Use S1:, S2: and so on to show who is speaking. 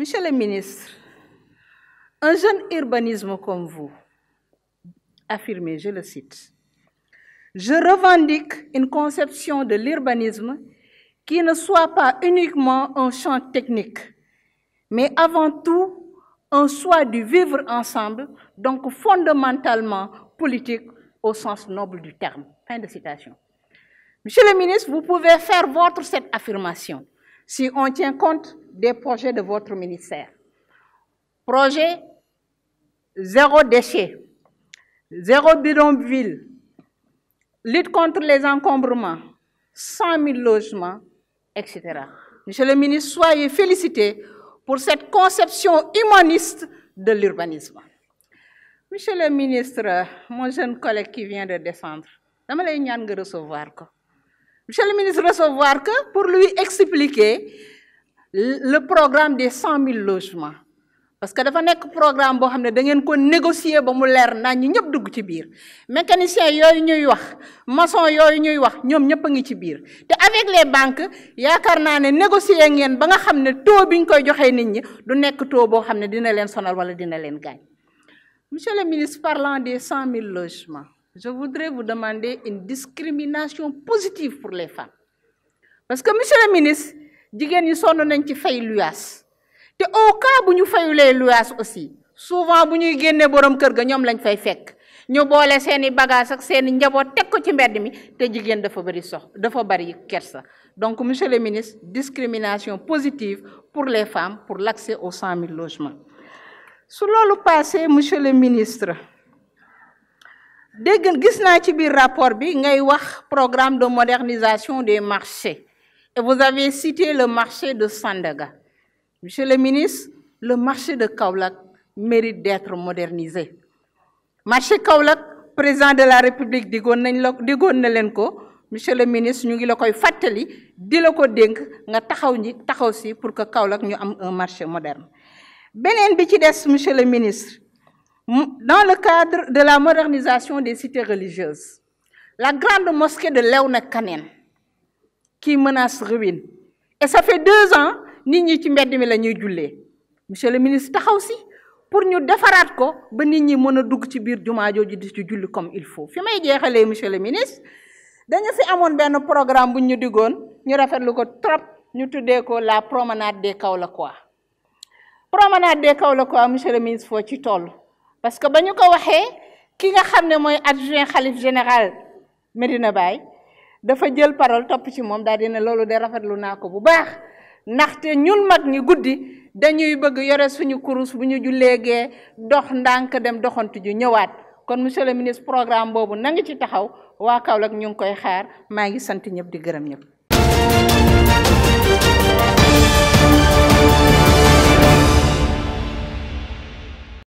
S1: Monsieur le ministre, un jeune urbanisme comme vous affirme, je le cite, Je revendique une conception de l'urbanisme qui ne soit pas uniquement un champ technique, mais avant tout un soin du vivre ensemble, donc fondamentalement politique au sens noble du terme. Fin de citation. Monsieur le ministre, vous pouvez faire votre cette affirmation si on tient compte des projets de votre ministère. Projet zéro déchet, zéro bidonville, lutte contre les encombrements, 100 000 logements, etc. Monsieur le ministre, soyez félicité pour cette conception humaniste de l'urbanisme. Monsieur le ministre, mon jeune collègue qui vient de descendre, je vais recevoir. Monsieur le ministre Recevoir que pour lui expliquer le programme des 100 000 logements. parce que dafa nek programme bo xamné da ngeen ko négocier ba mu lèr naa ñi ñëpp dugg ci biir mécanicien yoy ñuy wax maçon yoy ñuy wax ñom ñëpp a ngi ci biir té avec les banques yaakaar naa négocier ngeen ba nga xamné taux biñ koy joxé nit ñi du nek taux bo xamné dina leen sonal wala dina leen monsieur le ministre parlant des 100 000 logements je voudrais vous demander une discrimination positive pour les femmes parce que monsieur le ministre ci fay au cas où nous aussi souvent donc monsieur le ministre discrimination positive pour les femmes pour l'accès aux 100 000 logements su le passé monsieur le ministre dégg gis naa ci biir rapport bi ngay wax programme de modernisation des marchés et vous avez cité le marché de Sandaga monsieur le ministre le marché de Kaulak mérite d'être modernisé marché Kaolack président de la république digon na ko monsieur le ministre ñu ngi la koy fatali, di la ko denk nga taxaw ñi taxaw si pour que Kaulak ñu am un marché moderne Benen bi ci monsieur le ministre dans le cadre de la modernisation des cités religieuses, la grande mosquée de Léona Kanen, qui menace ruine. Et ça fait deux ans, nous sommes Monsieur le ministre, aussi, pour nous défarat ko ba nit ñi mën dugg ci biir ci comme il faut fi may jéxalé monsieur le ministre dañu fi amone ben programme bu ñu faire ñu rafetlu ko trop ñu ko la promenade des quoi. promenade des quoi monsieur le ministre fo ci toll parce que ba ñu ko waxee ki nga xam ne mooy adjoint xalif général Medina baay dafa jël parole topp ci moom daal dina loolu de rafetlu naa ko bu baax ndaxte ñun mag ñi guddi dañuy bëgg yore suñu kurus bu ñu julleegee dox ndànk dem doxantu ju ñëwaat kon monsieur le ministre programme boobu na nga ci taxaw waa Kaolack ñu ngi koy xaar maa ngi sant ñëpp di gërëm ñëpp.